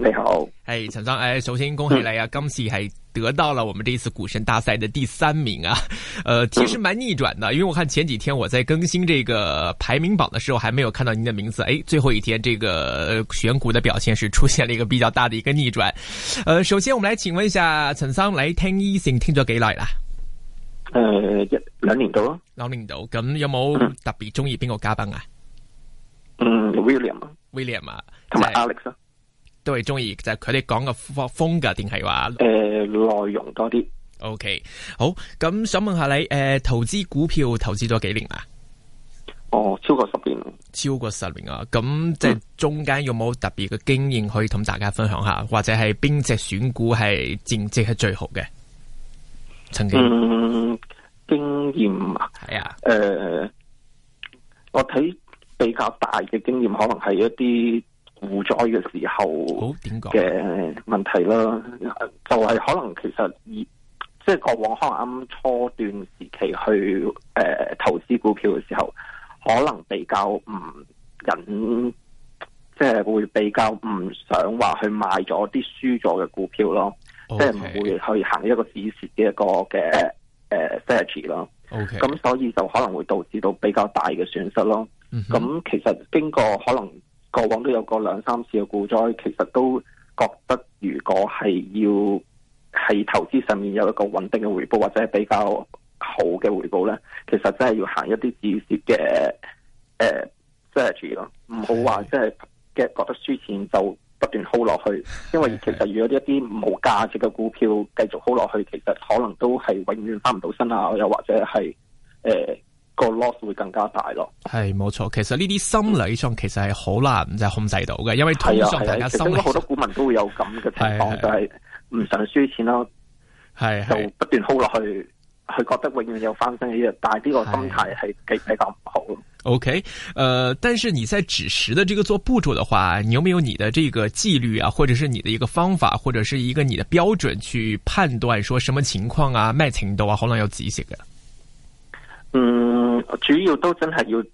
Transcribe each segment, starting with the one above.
你好，哎、hey, 陳生，哎，首先恭喜你啊，恭喜還得到了我們這一次股神大賽的第三名啊，呃，其實蠻逆轉的，因為我看前幾天我在更新這個排名榜的時候，還沒有看到您的名字，哎、欸、最後一天這個選股的表現是出現了一個比較大的一個逆轉。呃，首先我們來請問一下陳生，你聽 Eason 聽咗幾耐啦？呃，兩兩年到咯，兩年到，咁有冇特別中意邊個嘉賓啊？嗯，威廉嘛，威廉嘛 m w a 同埋 Alex 都係中意，就係佢哋講嘅風格定係話誒內容多啲。OK，好，咁想問下你，誒、呃，投資股票投資咗幾年啦？哦，超過十年，超過十年啊！咁即係中間有冇特別嘅經驗可以同大家分享下，或者係邊隻選股係戰績係最好嘅？曾經、嗯、經驗啊，係啊，誒，我睇比較大嘅經驗，可能係一啲。負債嘅時候嘅問題啦，就係可能其實以即係過往可能啱初段時期去誒、呃、投資股票嘅時候，可能比較唔忍，即、就、係、是、會比較唔想話去賣咗啲輸咗嘅股票咯，即係唔會去行一個止蝕嘅一個嘅誒 strategy 咯。咁、呃 okay. 所以就可能會導致到比較大嘅損失咯。咁、mm -hmm. 其實經過可能。過往都有過兩三次嘅股災，其實都覺得如果係要喺投資上面有一個穩定嘅回報，或者係比較好嘅回報咧，其實真係要行一啲自蝕嘅誒 s t r 咯，唔好話即係嘅覺得輸錢就不斷 hold 落去，因為其實如果一啲冇價值嘅股票繼續 hold 落去，其實可能都係永遠翻唔到身啊，又或者係誒。呃那個 loss 會更加大咯，係冇錯，其實呢啲心理上其實係好難就控制到嘅，因為通常大家心理，好多股民都會有咁嘅情況，就係、是、唔想輸錢咯，係就不斷 hold 落去，佢覺得永遠有翻身嘅，但係呢個心態係比較唔好。OK，誒、呃，但是你在止蝕的這個做步驟嘅話，你有冇有你的這個紀律啊，或者是你的一個方法，或者是一個你的標準去判斷說什麼情況啊，咩情度啊，可能要止蝕嘅，嗯主要都真係要誒、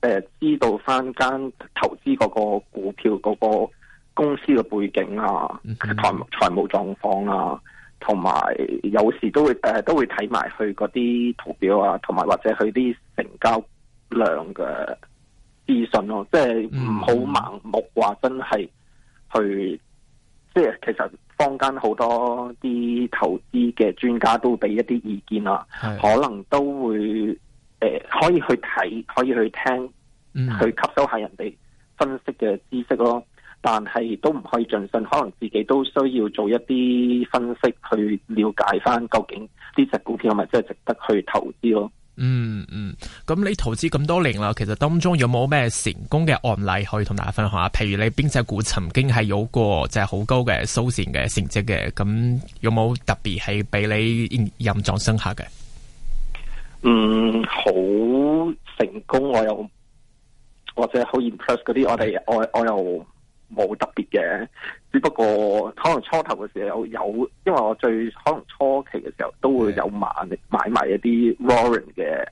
呃，知道翻間投資嗰個股票嗰、嗰個公司嘅背景啊，財財務狀況啊，同埋有，有時都會誒、呃，都會睇埋佢嗰啲圖表啊，同埋或者佢啲成交量嘅資訊咯，即係唔好盲目話真係去。即係其實坊間好多啲投資嘅專家都俾一啲意見啦、啊，可能都會。誒、呃，可以去睇，可以去聽，去吸收下人哋分析嘅知識咯、嗯。但係都唔可以盡信，可能自己都需要做一啲分析去了解翻，究竟呢隻股票係咪真係值得去投資咯。嗯嗯，咁你投資咁多年啦，其實當中有冇咩成功嘅案例可以同大家分享下？譬如你邊隻股曾經係有過即係好高嘅收線嘅成績嘅，咁有冇特別係俾你印象深刻嘅？.嗯，好成功，我又或者好 impress 嗰啲，我哋我我又冇特別嘅，只不過可能初頭嘅時候有有，因為我最可能初期嘅時候都會有買、okay. 買埋一啲 warrant 嘅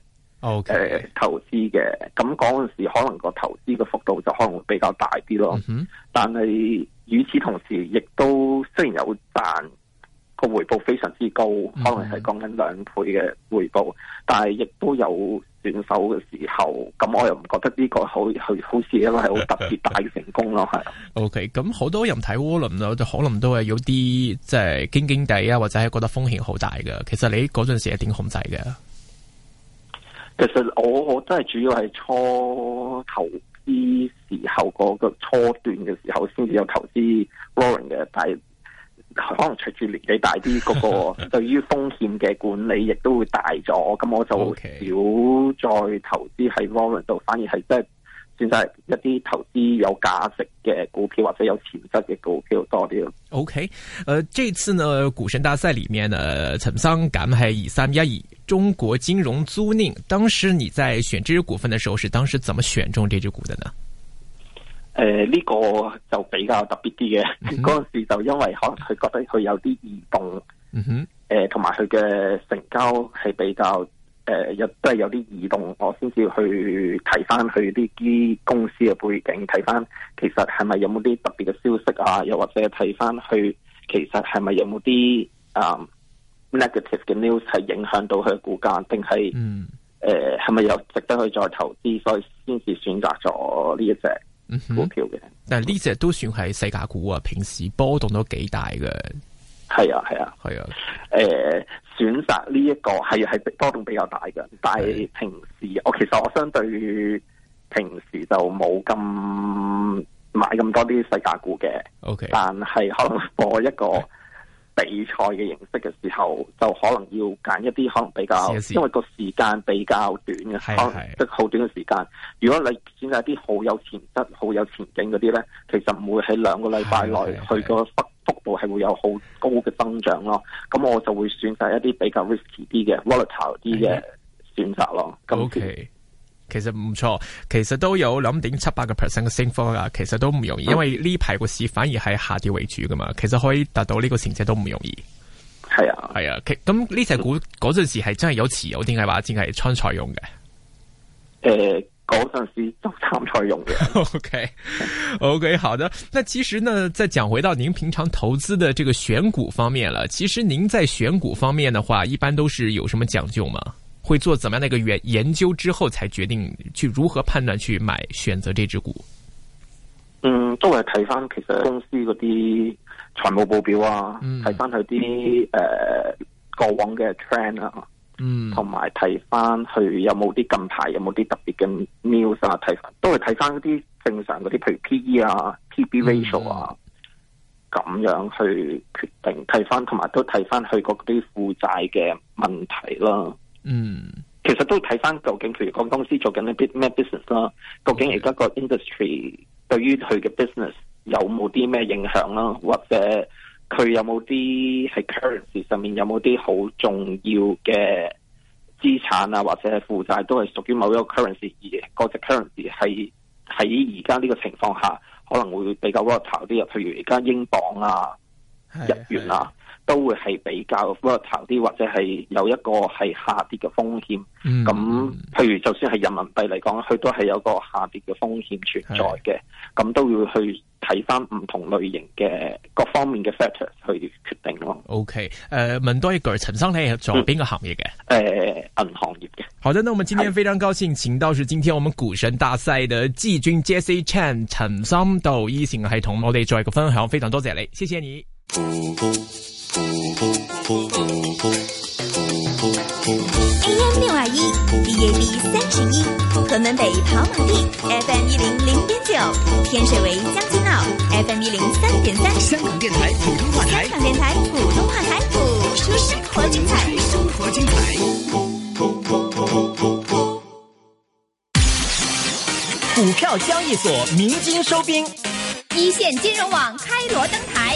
，OK 投資嘅，咁嗰陣時可能個投資嘅幅度就可能會比較大啲咯，mm -hmm. 但係與此同時，亦都雖然有賺。個回報非常之高，可能係講緊兩倍嘅回報，嗯、但係亦都有轉手嘅時候。咁我又唔覺得呢個好，好，好似一個係好特別大嘅成功咯。係。 O K，咁好多人睇窩輪就可能都係有啲即係驚驚地啊，或者係覺得風險好大嘅。其實你嗰陣時係點控制嘅？其實我我真係主要係初投資時候嗰、嗰個初段嘅時候，先至有投資窩輪嘅，但係。可能隨住年紀大啲，嗰、那個對於風險嘅管理亦都會大咗，咁 我就少再投資喺 moment 度，反而係即係選擇一啲投資有價值嘅股票或者有潛質嘅股票多啲咯。OK，誒、呃，這次呢，股神大賽裏面呢，陳生咁係2312中國金融租賃，當時你在選這隻股份的時候，是當時怎麼選中這隻股的呢？誒、呃，呢、這個就比較特別啲嘅。嗰、mm、陣 -hmm. 時就因為可能佢覺得佢有啲異動，誒、mm -hmm. 呃，同埋佢嘅成交係比較，誒、呃，亦都係有啲異動，我先至去睇翻佢啲啲公司嘅背景，睇翻其實係咪有冇啲特別嘅消息啊？又或者睇翻佢其實係咪有冇啲啊 negative 嘅 news 係影響到佢嘅股價，定係誒係咪有值得去再投資，所以先至選擇咗呢一隻。股票嘅、嗯，但係呢隻都算係細價股啊，平時波動都幾大嘅。係啊，係啊，係啊。誒、呃，選擇呢一個係係波動比較大嘅，但係平時我其實我相對平時就冇咁買咁多啲細價股嘅。O、okay. K，但係可能我一個。 比賽嘅形式嘅時候，就可能要揀一啲可能比較，試試，因為個時間比較短嘅，即係好短嘅時間。如果你選擇一啲好有潛質、好有前景嗰啲咧，其實唔會喺兩個禮拜內，佢個幅幅度係會有好高嘅增長咯。咁我就會選擇一啲比較 risky 啲嘅、volatile 啲嘅選擇咯。咁。OK。其實唔錯，其實都有兩點七八個 percent 嘅升幅啊！其實都唔容易，因為呢排個市反而係下跌為主噶嘛。其實可以達到呢個成績都唔容易。係啊，係、哎、啊，咁呢隻股嗰陣時係真係有持有，定係話，淨係參賽用嘅。誒、呃，嗰陣時都參賽用嘅。 OK，OK，okay, okay, 好的。那其實呢，再講回到您平常投資嘅這個選股方面了。其實您在選股方面的話，一般都是有什麼講究嗎？會做怎麼樣的一個研研究之後，才決定去如何判斷去買選擇這支股？嗯，都係睇翻，其實公司嗰啲財務報表啊，睇翻佢啲誒，過往嘅 trend 啊，嗯，同埋睇翻佢有冇啲近排有冇啲特別嘅 news 啊，睇翻都係睇翻嗰啲正常嗰啲，譬如 P E 啊、P B ratio 啊，咁、嗯、樣去決定睇翻，同埋都睇翻佢嗰啲負債嘅問題啦、啊。嗯，其實都睇翻究竟，譬如講公司做緊啲咩 business 啦，究竟而家個 industry 對於佢嘅 business 有冇啲咩影響啦，或者佢有冇啲係 currency 上面有冇啲好重要嘅資產啊，或者係負債都係屬於某一個 currency 而嗰隻 currency 係喺而家呢個情況下可能會比較 volatile 啲，又譬如而家英鎊啊、日元啊。都會係比較溫頭啲，或者係有一個係下跌嘅風險。咁、嗯，譬如就算係人民幣嚟講，佢都係有個下跌嘅風險存在嘅。咁都要去睇翻唔同類型嘅各方面嘅 factor 去決定咯。OK. 誒，問多一句，陳生你係做邊個行業嘅？誒、嗯，銀、呃、行業嘅。好的，那我們今天非常高興，請到是今天我們股神大賽嘅季軍 Jesse Chan 陳生道以前係同我哋做一個分享，非常多謝你，謝謝你。嗯 AM 六二一，D A B 三十一，屯門北跑馬地，FM 一零零點九，天水圍將軍澳，FM 一零三點三，香港電台普通話台，港電台普通話台，股市、哦、精彩，生活精彩，生活精彩。股票交易所鳴金收兵，一線金融網開鑼登台。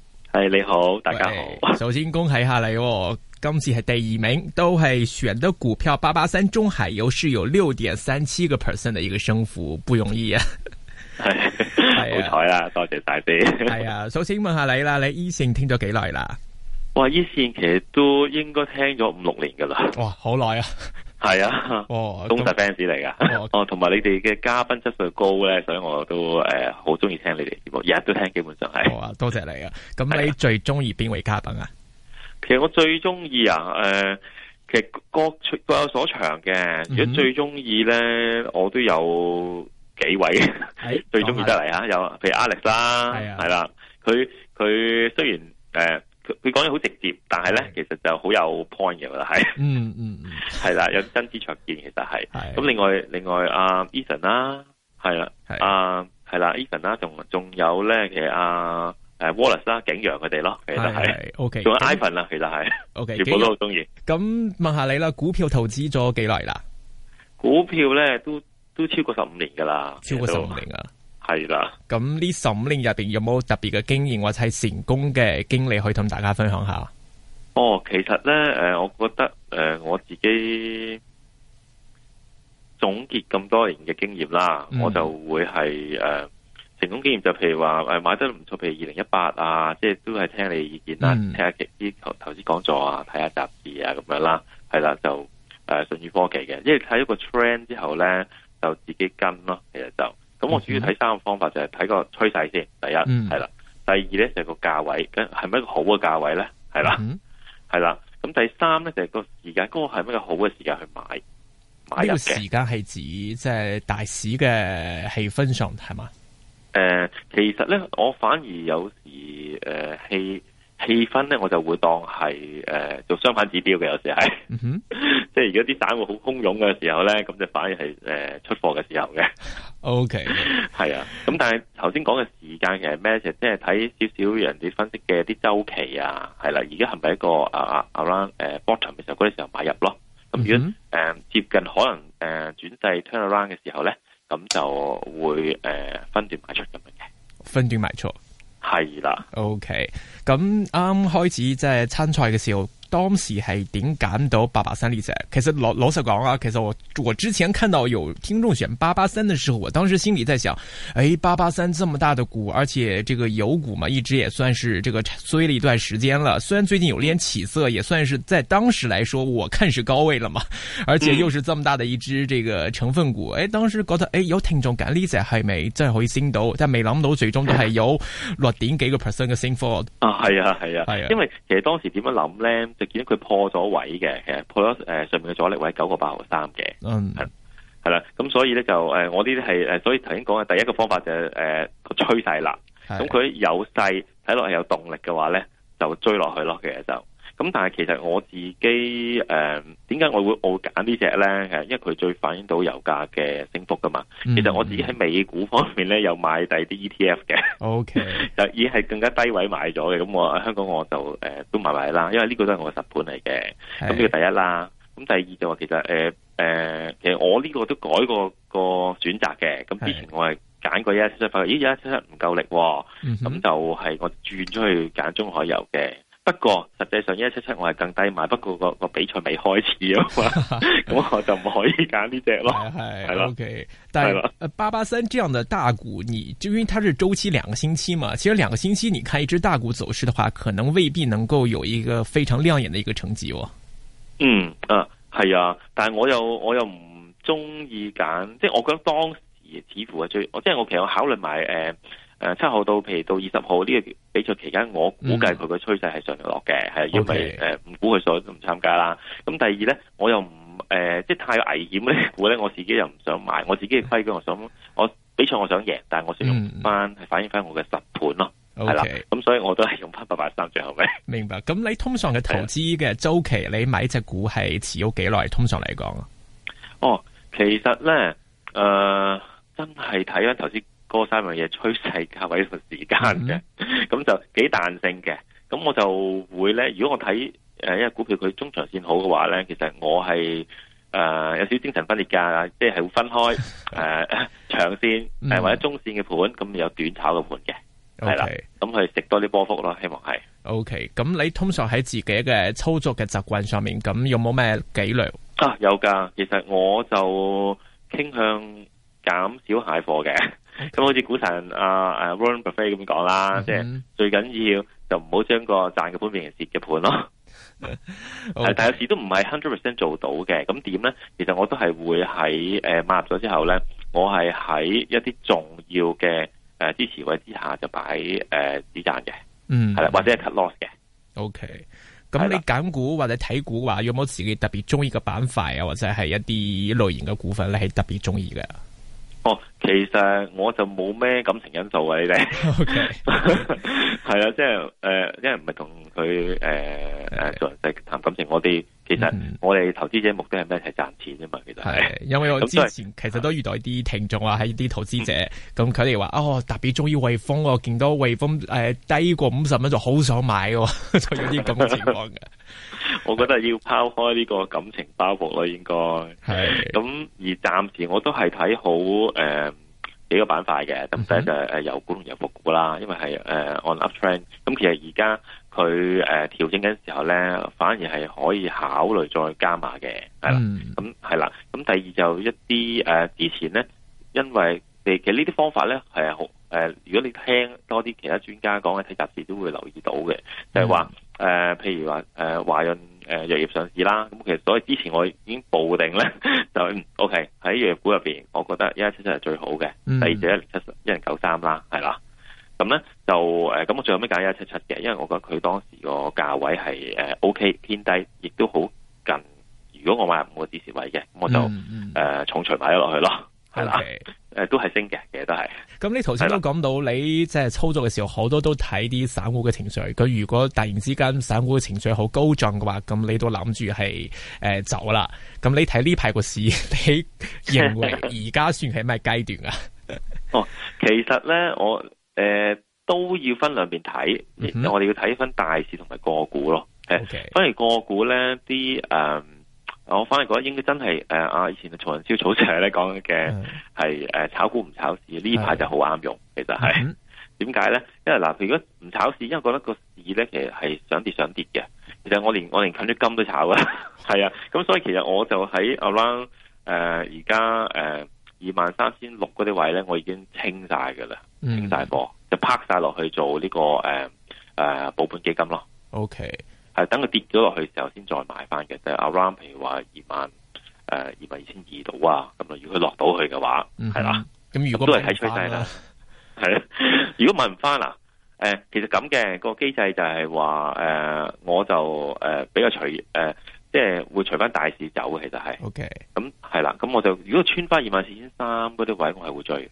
係你好，大家好。首先恭喜下你，今次係第二名，都係選得股票八八三中海油，是有六點三七個 percent 嘅一個升幅，不容易啊。係、 啊，好彩啦，多謝大你。係啊，首先問下你啦，你 e 線聽咗幾耐啦？我 e 線其實都應該聽咗五六年噶啦。哇，好耐啊！係啊，忠實 fans 嚟噶，哦，同埋、哦哦、你哋嘅嘉賓質素高咧，所以我都誒好中意聽你哋節目，日日都聽，基本上係，多、啊哦、謝，謝你啊！咁你最中意邊位嘉賓啊？其實我最中意啊，誒、呃，其實各各有所長嘅，如果最中意咧，我都有幾位，嗯嗯 最中意得嚟啊，有，譬如 Alex 啦，係啦、啊，佢佢、啊、雖然誒。呃佢講嘢好直接，但係咧其實就好有 point 嘅啦，係嗯嗯，係、嗯、啦，有真知灼見，其實係。咁另外另外阿、啊、Eason 啦、啊，係啦，阿係啦 Eason 啦、啊，仲仲有咧其、啊、實阿、啊、誒 Wallace 啦、啊，景陽佢哋咯，其實係、就是、OK，仲有 Ivan 啦、啊，okay, 其實係、就是、OK，全部都好中意。咁問下你啦，股票投資咗幾耐啦？股票咧都都超過十五年噶啦，超過十五年噶！係啦，咁呢十五年入邊有冇特別嘅經驗或者係成功嘅經歷可以同大家分享下？哦，其實咧，誒、呃，我覺得誒、呃，我自己總結咁多年嘅經驗啦，嗯、我就會係誒、呃、成功經驗就譬如話誒買得唔錯，譬如二零一八啊，即係都係聽你意見啦，嗯、聽下啲投投資講座啊，睇下雜誌啊咁樣啦，係啦就誒順宇科技嘅，因為睇咗個 trend 之後咧，就自己跟咯，其實就。咁、嗯、我主要睇三個方法，就係、是、睇個趨勢先。第一係啦、嗯，第二呢，就係、是、個價位，係咪一個好嘅價位呢？係啦，係、嗯、啦。咁、嗯、第三呢，就係、是、個時間，嗰個係咪一個好嘅時間去買？買嘅、這個、時間係指即係、就是、大市嘅氣氛上係嗎、呃？其實呢，我反而有時氣。呃氣氣氛咧，我就會當係誒、呃、做相反指標嘅，有時係、嗯，即係如果啲散戶好洶湧嘅時候咧，咁就反而係誒、呃、出貨嘅時候嘅。O K，係啊，咁但係頭先講嘅時間嘅係咩即係睇少少人哋分析嘅啲周期啊，係啦，而家係咪一個啊啊、uh, around 誒、uh, bottom 嘅時候，嗰啲時候買入咯。咁如果誒、嗯呃、接近可能誒轉勢 turn around 嘅時候咧，咁就會誒分段賣出咁樣嘅，分段賣出。係啦，OK，咁啱開始即係參賽嘅時候。當時係點揀到八八三呢？仔其實老老實講啊，其實我我之前看到有聽眾選八八三的時候，我當時心裡在想，哎，八八三這麼大的股，而且這個油股嘛，一直也算是這個追了一段時間了。雖然最近有啲起色，也算是在當時來說，我看是高位了嘛。而且又是這麼大的一支這個成分股、嗯，哎，當時覺得，哎，有聽眾揀利仔係咪最後一升到？但係冇諗到最終都係有六點、啊、幾個 percent 嘅升幅？啊！係啊，係啊，係啊，因為其實當時點樣諗咧？就見到佢破咗位嘅，其實破咗誒、呃、上面嘅阻力位九個八毫三嘅，係係啦。咁所以咧就誒、呃，我呢啲係誒，所以頭先講嘅第一個方法就係誒個趨勢啦。咁、呃、佢有勢睇落係有動力嘅話咧，就追落去咯。其實就咁，但係其實我自己誒點解我會我揀呢隻咧？誒，因為佢最反映到油價嘅升幅㗎嘛、嗯。其實我自己喺美股方面咧，有、嗯、買第啲 ETF 嘅。OK。 已經係更加低位買咗嘅，咁我香港我就誒、呃、都買埋啦，因為呢個都係我嘅實盤嚟嘅。咁呢、這個第一啦，咁第二就話其實誒誒、呃呃，其實我呢個都改過個選擇嘅。咁之前我係揀過一一七七，發覺，咦一一七七唔夠力喎、哦，咁、嗯、就係我轉咗去揀中海油嘅。不過實際上一七七我係更低買，不過個個比賽未開始啊嘛，咁 我就唔可以揀呢隻咯，係係咯，係啦，誒八八三這樣的大股，你就因為它是週期兩個星期嘛，其實兩個星期，你看一支大股走勢的話，可能未必能夠有一個非常亮眼的一個成績喎、哦。嗯啊係啊，但係我又我又唔中意揀，即係我覺得當時似乎係最，即係我其實我考慮埋誒。呃誒、呃，七號到譬如到二十號呢，這個比賽期間，我估計佢個趨勢係上落嘅，係因為誒唔估佢，所以唔參加啦。咁、嗯、第二咧，我又唔誒、呃、即係太危險呢股咧，我自己又唔想買，我自己嘅規矩，我想我比賽我想贏，但係我想用翻係、嗯、反映翻我嘅實盤咯。O K，係啦，咁所以我都係用翻八八三最後尾。明白。咁你通常嘅投資嘅周期，你買隻股係持咗幾耐？通常嚟講？哦，其實咧誒、呃，真係睇翻投資。嗰、那個、三樣嘢，趨勢、價位、同時間嘅，咁 就幾彈性嘅。咁我就會咧，如果我睇誒一隻股票佢中長線好嘅話咧，其實我係誒、呃、有少少精神分裂㗎，即、就、係、是、會分開誒、 呃、長線誒或者中線嘅盤，咁、嗯、有短炒嘅盤嘅。係、okay. 啦，咁去食多啲波幅咯，希望係。O K，咁你通常喺自己嘅操作嘅習慣上面，咁有冇咩紀律啊？有噶，其實我就傾向。減少蟹貨嘅咁，好似股神阿誒 Warren Buffett 咁講啦，即 係、uh, uh, mm -hmm. 最緊要就唔好將個賺嘅本變成蝕嘅盤咯。 okay. 但有時都唔係 hundred percent 做到嘅。咁點咧？其實我都係會喺誒買入咗之後咧，我係喺一啲重要嘅誒支持位之下就擺誒止賺嘅。嗯、呃，係啦、mm -hmm.，或者係 cut loss 嘅。O K. 咁你揀股或者睇股話有冇自己特別中意嘅板塊啊，或者係一啲類型嘅股份咧，係特別中意嘅？哦，其實我就冇咩感情因素啊，你哋係啦，即係誒，因為唔係同佢誒誒在談感情，我、呃、哋其實我哋投資者目的係咩？係賺錢啫嘛，其實係因為我之前其實都遇到啲聽眾話喺啲投資者，咁佢哋話哦，特別中意匯豐，我見到匯豐誒低過五十蚊就好想買嘅，就 有啲咁嘅情況嘅。 我覺得要拋開呢個感情包袱咯，應該係咁。而暫時我都係睇好誒、呃、幾個板塊嘅。咁第一就係、是、誒，油股同油服股啦，因為係誒、呃、on uptrend。咁其實而家佢誒調整緊時候咧，反而係可以考慮再加碼嘅，係啦。咁係啦。咁第二就一啲誒、呃、之前咧，因為你其實呢啲方法咧係好誒。如果你聽多啲其他專家講嘅睇雜誌都會留意到嘅，就係話誒，譬如話誒華潤。呃誒、呃、藥業上市啦，咁其實所以之前我已經抱定咧 就 O K 喺藥業股入面，我覺得一一七七係最好嘅、嗯，第二隻一零七一零九三啦，係啦，咁咧就誒咁、呃、我最後揀一一七七嘅，因為我覺得佢當時個價位係 O K 偏低，亦都好近，如果我買五個支持位嘅，咁我就誒、嗯嗯呃、重錘買咗落去咯，係啦。Okay. 誒，都係升嘅，其實都係。咁你頭先都講到，你即係操作嘅時候，好多都睇啲散戶嘅情緒。佢如果突然之間散戶嘅情緒好高漲嘅話，咁你都諗住係誒走啦。咁你睇呢排個市，你認為而家算係咩階段啊？ 哦，其實咧，我誒、呃、都要分兩邊睇，我哋要睇返大市同埋個股咯。誒，反而個股咧啲誒。我反而覺得應該真係誒、呃、啊！以前嘅曹仁超、曹 Sir 咧講嘅係誒炒股唔炒市，呢排就好啱用。其實係點解咧？因為嗱、呃，如果唔炒市，因為我覺得個市咧其實係想跌想跌嘅。其實我連我連緊啲金都炒了、嗯、 啊，係啊。咁所以其實我就喺 around 誒，而家誒二萬三千六嗰啲位咧，我已經清晒㗎喇，清晒貨、嗯，就拍晒落去做呢、這個誒誒保本基金咯。OK。係等佢跌咗落去時候，先再買翻嘅。就係、around 譬如話二萬誒、呃、二萬二千二度啊，咁啊如果佢落到去嘅話，係啦，咁如果都係睇趨勢啦，係啦。如果買唔翻啦誒其實咁嘅、那個機制就係話誒，我就誒、呃、比較隨誒、呃，即係會隨翻大市走，嘅其實係。OK，咁係啦，咁我就如果穿翻二萬四千三嗰啲位置，我係會追。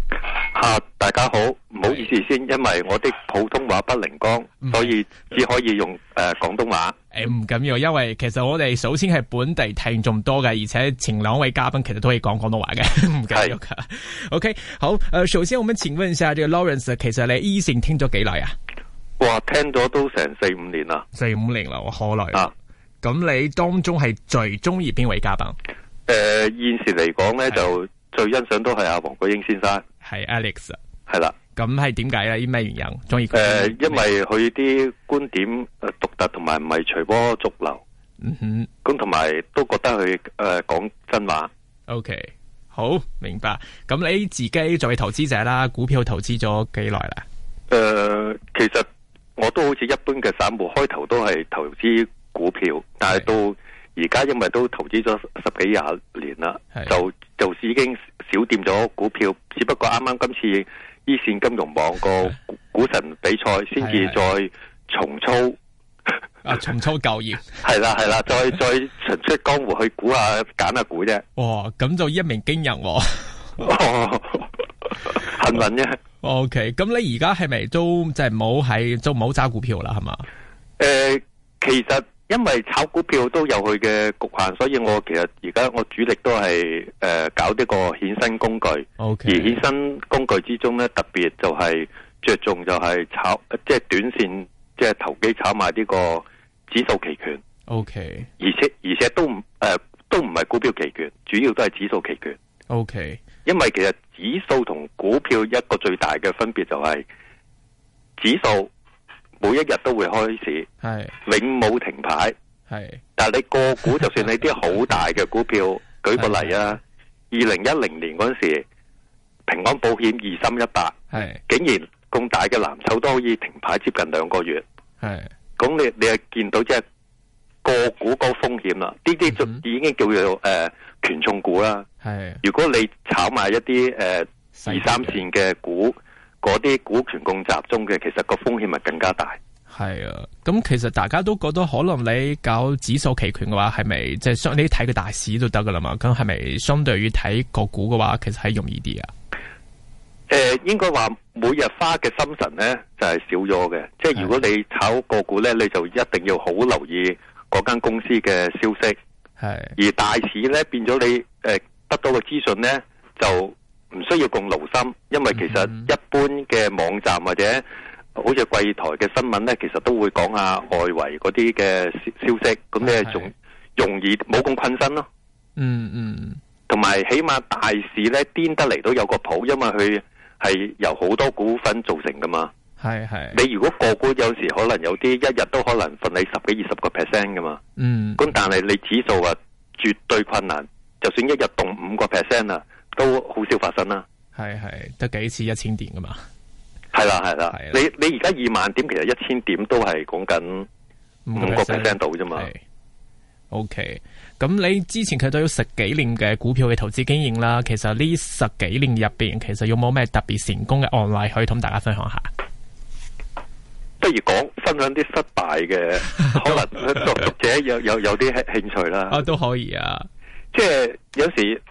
啊！大家好，唔好意思先，因為我的普通話不靈光、嗯，所以只可以用誒廣、呃、東話。誒，唔緊要，因為其實我哋首先係本地聽眾多嘅，而且前兩位嘉賓其實都可以講廣東話嘅，唔緊要嘅。OK，好。誒、呃，首先我們請問一下，這個 Lawrence，其實你依線聽咗幾耐啊？哇，聽咗都成四五年啦，四五年啦，我好耐啊。咁你當中係最中意邊位嘉賓？誒、呃，現時嚟講咧，就最欣賞都係阿黃國英先生。係 Alex，係啦，咁係點解咧？啲咩原因中意佢？誒、呃，因為佢啲觀點誒獨特，同埋唔係隨波逐流。嗯哼，咁同埋都覺得佢誒講真話。OK，好明白。咁你自己作為投資者啦，股票投資咗幾耐啦？誒、呃，其實我都好似一般嘅散戶，開頭都係投資股票，是的但係到。而家因為都投資咗十幾廿年啦，就就已經少掂咗股票，只不過啱啱今次依線金融網個股神比賽，先 至再重操是是是 啊重操舊業，係啦係啦，再再重出江湖去估下揀下股啫。哇，咁就一鳴驚人喎、哦！幸運啫。O K，咁你而家係咪都即係冇係，就冇揸股票啦？係嘛？誒、呃，其實。因為炒股票都有佢嘅局限，所以我其實而家我主力都係誒、呃、搞呢個衍生工具。O、okay. K. 而衍生工具之中咧，特別就係着重就係炒即係、就是、短線，即、就、係、是、投機炒賣呢個指數期權。O、okay. K. 而且而且都誒、呃、都唔係股票期權，主要都係指數期權。O、okay. K. 因為其實指數同股票一個最大嘅分別就係指數。每一日都會開市，係永冇停牌，係。但係你個股，就算你啲好大嘅股票，舉個例啊，二零一零年嗰陣時，平安保險二三一八，係竟然咁大嘅藍籌都可以停牌接近兩個月，係。咁你你係見到即係個股高風險啦，呢啲就已經叫做誒權重股啦。係，如果你炒埋一啲誒二三線嘅股。嗰啲股權共集中嘅，其實個風險咪更加大？係啊，咁其實大家都覺得可能你搞指數期權嘅話，係咪即係相？你睇個大市都得噶啦嘛？咁係咪相對於睇個股嘅話，其實係容易啲啊？誒、呃，應該話每日花嘅心神咧就係、是、少咗嘅，即係如果你炒個股咧，你就一定要好留意嗰間公司嘅消息。係而大市咧變咗你誒得到嘅資訊咧就。唔需要咁勞心，因為其實一般嘅網站或者好似櫃台嘅新聞呢，其實都會講下外圍嗰啲嘅消息，咁你係仲容易冇咁困身咯。嗯嗯，同埋起碼大市呢，癲得嚟都有個譜，因為佢係由好多股份造成噶嘛。係係，你如果個股有時可能有啲一日都可能分你十幾二十個 percent 噶嘛。嗯，咁但係你指數啊絕對困難，就算一日動五個 percent 啊。都好少發生啦，係係得幾次一千點噶嘛，係啦係啦，你你而家二萬點，其實一千點都係講緊五個 percent 到啫嘛。OK，咁你之前佢都有十幾年嘅股票嘅投資經驗啦，其實呢十幾年入邊，其實有冇咩特別成功嘅案例可以同大家分享下？不如講分享啲失敗嘅， 可能作 讀者有有有啲興趣啦。啊，都可以啊，即係有時。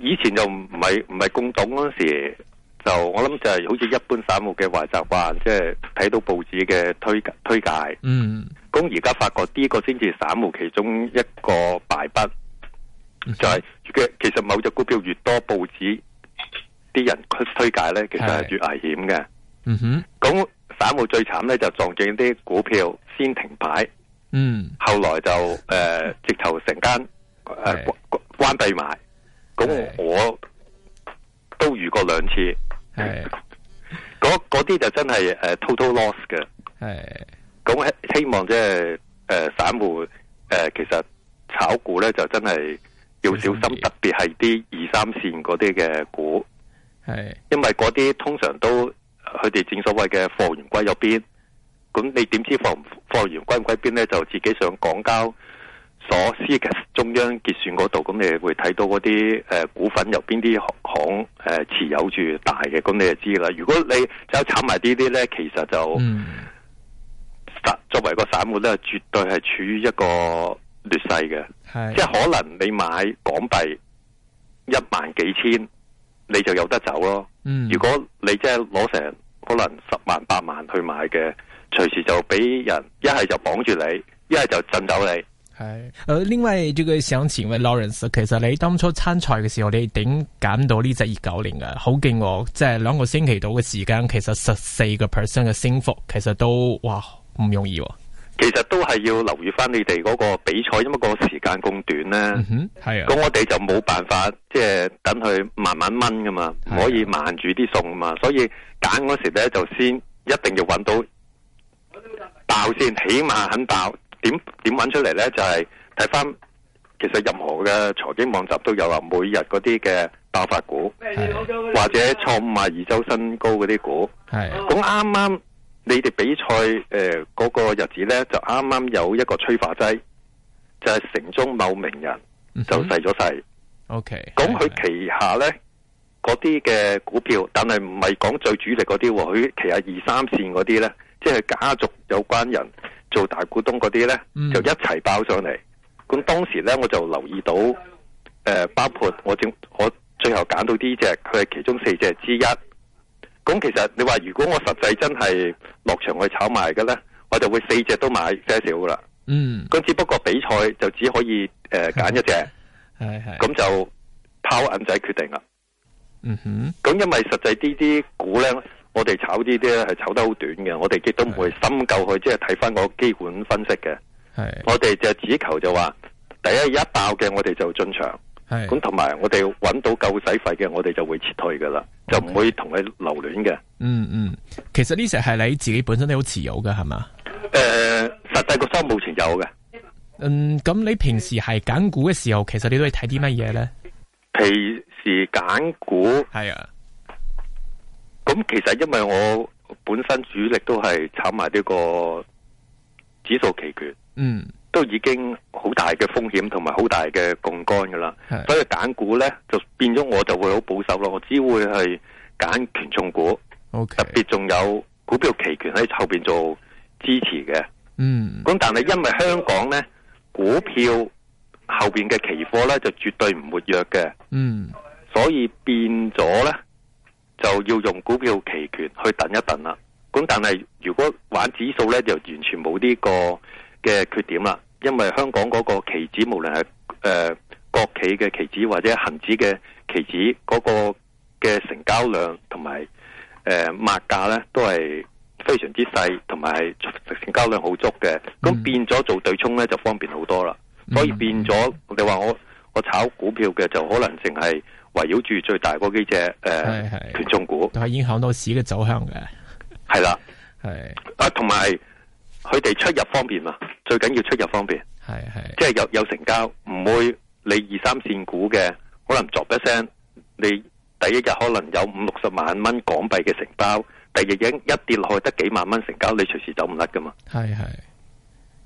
以前就唔係唔係共黨嗰時，就我諗就係好似一般散戶嘅壞習慣，即係睇到報紙嘅推推介。嗯，咁而家發覺呢個先至散戶其中一個敗筆，就係佢其實某隻股票越多報紙啲人推推介咧其實係越危險嘅。嗯哼，咁散戶最慘咧就撞見啲股票先停牌，嗯，後來就誒直頭成間誒關閉埋。咁我都遇過兩次，係，嗰啲就真係誒 total loss 嘅，係。咁希望即係誒散戶誒、呃，其實炒股咧就真係要小心，特別係啲二三線嗰啲嘅股，係。因為嗰啲通常都佢哋正所謂嘅貨源歸入邊。咁你點知貨貨源歸唔歸邊咧，就自己上港交。所思嘅中央結算嗰度，咁你會睇到嗰啲誒股份由邊啲行誒、呃、持有住大嘅，咁你就知啦。如果你就炒埋呢啲咧，其實就，散、嗯、作為一個散戶咧，絕對係處於一個劣勢嘅，即係可能你買港幣一萬幾千，你就有得走咯。嗯、如果你即係攞成可能十萬八萬去買嘅，隨時就俾人一係就綁住你，一係就震走你。係，誒，另外，這個想請問 Lawrence，其實你當初參賽嘅時候，你點揀到呢隻二九年嘅？好勁喎，即係兩個星期到嘅時間，其實十四個 percent 嘅升幅，其實都哇唔容易。其實都係要留意翻你哋嗰個比賽，因為個時間咁短咧，係、嗯、啊，咁我哋就冇辦法即係等佢慢慢掹噶嘛，唔可以慢住啲送啊嘛，所以揀嗰時咧就先一定要揾到爆先，起碼肯爆。點點揾出嚟咧？就係睇翻，其實任何嘅財經網站都有話、啊，每日嗰啲嘅爆發股，或者創五十二周新高嗰啲股。係咁啱啱你哋比賽誒嗰個日子咧，就啱啱有一個催化劑，就係、是、城中某名人就逝咗世。O K，咁佢旗下咧嗰啲嘅股票，但係唔係講最主力嗰啲，佢旗下二三線嗰啲咧，即、就、係、是、家族有關人。做大股東嗰啲呢、嗯，就一齊包上嚟。咁當時呢，我就留意到，呃、包括我正我最後揀到呢隻，佢係其中四隻之一。咁其實你話如果我實際真係落場去炒賣嘅呢，我就會四隻都買，即少噶啦。嗯，咁只不過比賽就只可以揀、呃、一隻。咁就拋銀仔決定啦。嗯哼。咁因為實際啲啲股呢。我哋炒呢啲咧，係炒得好短嘅。我哋亦都唔會深究去，即係睇翻個基本分析嘅。係我哋就只求就話，第一一爆嘅我哋就進場。係咁同埋，我哋揾到夠使費嘅，我哋就會撤退噶啦，okay。就唔會同佢留戀嘅。嗯嗯，其實呢隻係你自己本身都好持有嘅係嘛？誒、呃，實際個心冇持有嘅。嗯，咁你平時係揀股嘅時候，其實你都係睇啲乜嘢咧？平時揀股係啊。咁其實因為我本身主力都係炒埋呢個指數期權，嗯，都已經好大嘅風險同埋好大嘅槓桿噶啦，所以揀股咧就變咗我就會好保守咯，我只會去揀權重股，OK，特別仲有股票期權喺後邊做支持嘅，嗯，咁但係因為香港咧股票後邊嘅期貨咧就絕對唔活躍嘅，嗯，所以變咗咧。就要用股票期權去等一等啦。咁但係如果玩指數咧，就完全冇呢個嘅缺點啦。因為香港嗰個期指，無論係誒國企嘅期指或者恒指嘅期指，嗰、那個嘅成交量同埋誒賣價咧，都係非常之細同埋成交量好足嘅。咁變咗做對沖咧，就方便好多啦。所以變咗，你話，我我炒股票嘅就可能淨係圍繞住最大嗰幾隻誒，權重股都係影響到市嘅走向嘅。係啦，係啊，同埋佢哋出入方便嘛，最緊要出入方便，係係，即係有有成交，唔會你二三線股嘅可能作一聲，你第一日可能有五六十萬蚊港幣嘅成交，第二日已經一跌落去得幾萬蚊成交，你隨時走唔甩噶嘛，係係。